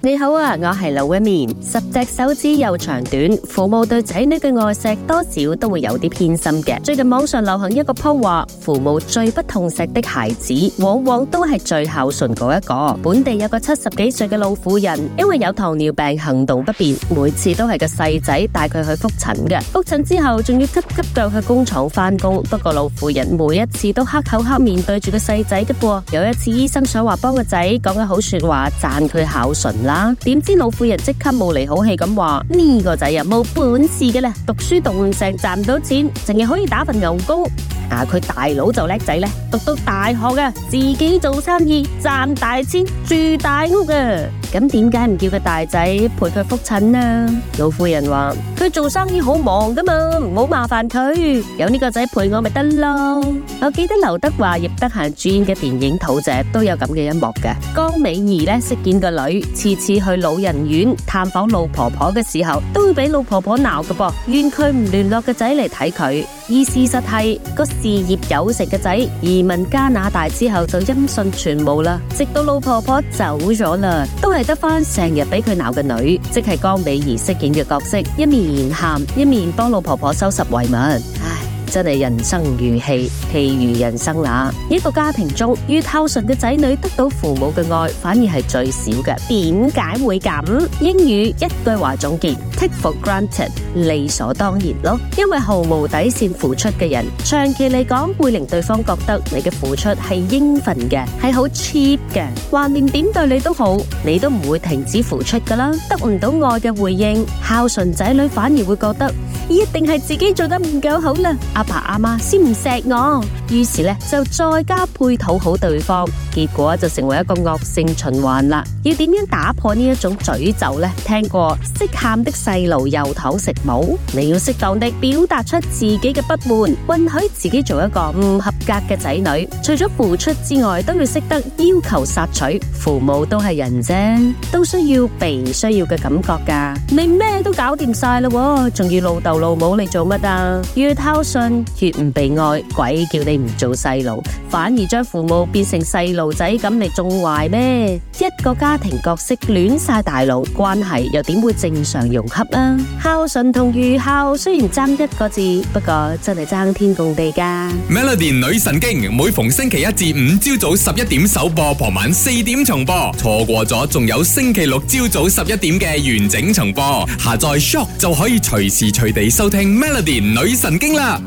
你好啊，我係劉一面。十隻手指有長短，父母對仔女嘅愛錫多少都會有啲偏心嘅。最近網上流行一個鋪話，父母最唔痛錫的孩子，往往都係最孝順嗰一個。本地有個七十幾歲嘅老婦人，因為有糖尿病行動不便，每次都係個細仔帶佢去復診嘅。復診之後，仲要急急腳去工廠返工。不過老婦人每一次都黑口黑面對住個細仔嘅噃。有一次醫生想話幫個仔講句好說話，讚佢孝順。點知老婦人即刻冇嚟好氣咁話：呢、這個仔啊冇本事嘅啦，讀書讀唔成，賺唔到錢，淨係可以打份牛工。嗱，佢、啊、大佬就叻仔咧，讀到大學啊，自己做生意賺大錢，住大屋啊，咁點解唔叫個大仔陪佢覆診啊？老夫人話：佢做生意好忙噶嘛，唔好麻煩佢，有呢個仔陪我咪得咯。我記得劉德華葉德嫻主演嘅電影《桃姐》都有咁嘅一幕嘅。江美儀咧飾演個女，次次去老人院探訪老婆婆嘅時候，都會俾老婆婆鬧噶噃，怨佢唔聯絡個仔嚟睇佢。而事實係個事業有成嘅仔移民加拿大之後就音訊全無啦，直到老婆婆走咗啦，都係得返成日俾佢鬧嘅女兒，即係江美儀飾演嘅角色，一面喊一面幫老婆婆收拾遺物。真係人生如戲，戲如人生啦！一個家庭中，越孝順嘅仔女得到父母嘅愛，反而係最少嘅。點解會咁？英語一句話總結：take for granted，理所當然咯。因為毫無底線付出嘅人，長期嚟講會令對方覺得你嘅付出係應份嘅，係好 cheap 嘅。話念點對你都好，你都唔會停止付出噶啦。得唔到愛嘅回應，孝順仔女反而會覺得一定係自己做得唔夠好啦。阿爸阿媽先唔錫我。於是呢就再加配討好對方，結果就成為一個惡性循環啦。要點樣打破呢一種詛咒呢？聽過識喊的細路有奶食冇？你要適當地表達出自己嘅不滿，允許自己做一個唔合格嘅仔女。除咗付出之外，都要識得要求索取。父母都係人啫，都需要被需要嘅感覺噶。你咩都搞掂晒啦，仲要老豆老母嚟做乜啊？越孝順越唔被愛，鬼叫你！唔做細路，反而將父母變成細路仔咁，你仲壞咩？一個家庭角色亂晒，大路關係又點會正常融洽啊？孝順同愚孝雖然爭一個字，不過真係爭天共地噶。Melody 女神經每逢星期一至五朝早十一點首播，傍晚四點重播，錯過咗仲有星期六朝早十一點嘅完整重播。下載 Shop 就可以隨時隨地收聽 Melody 女神經啦。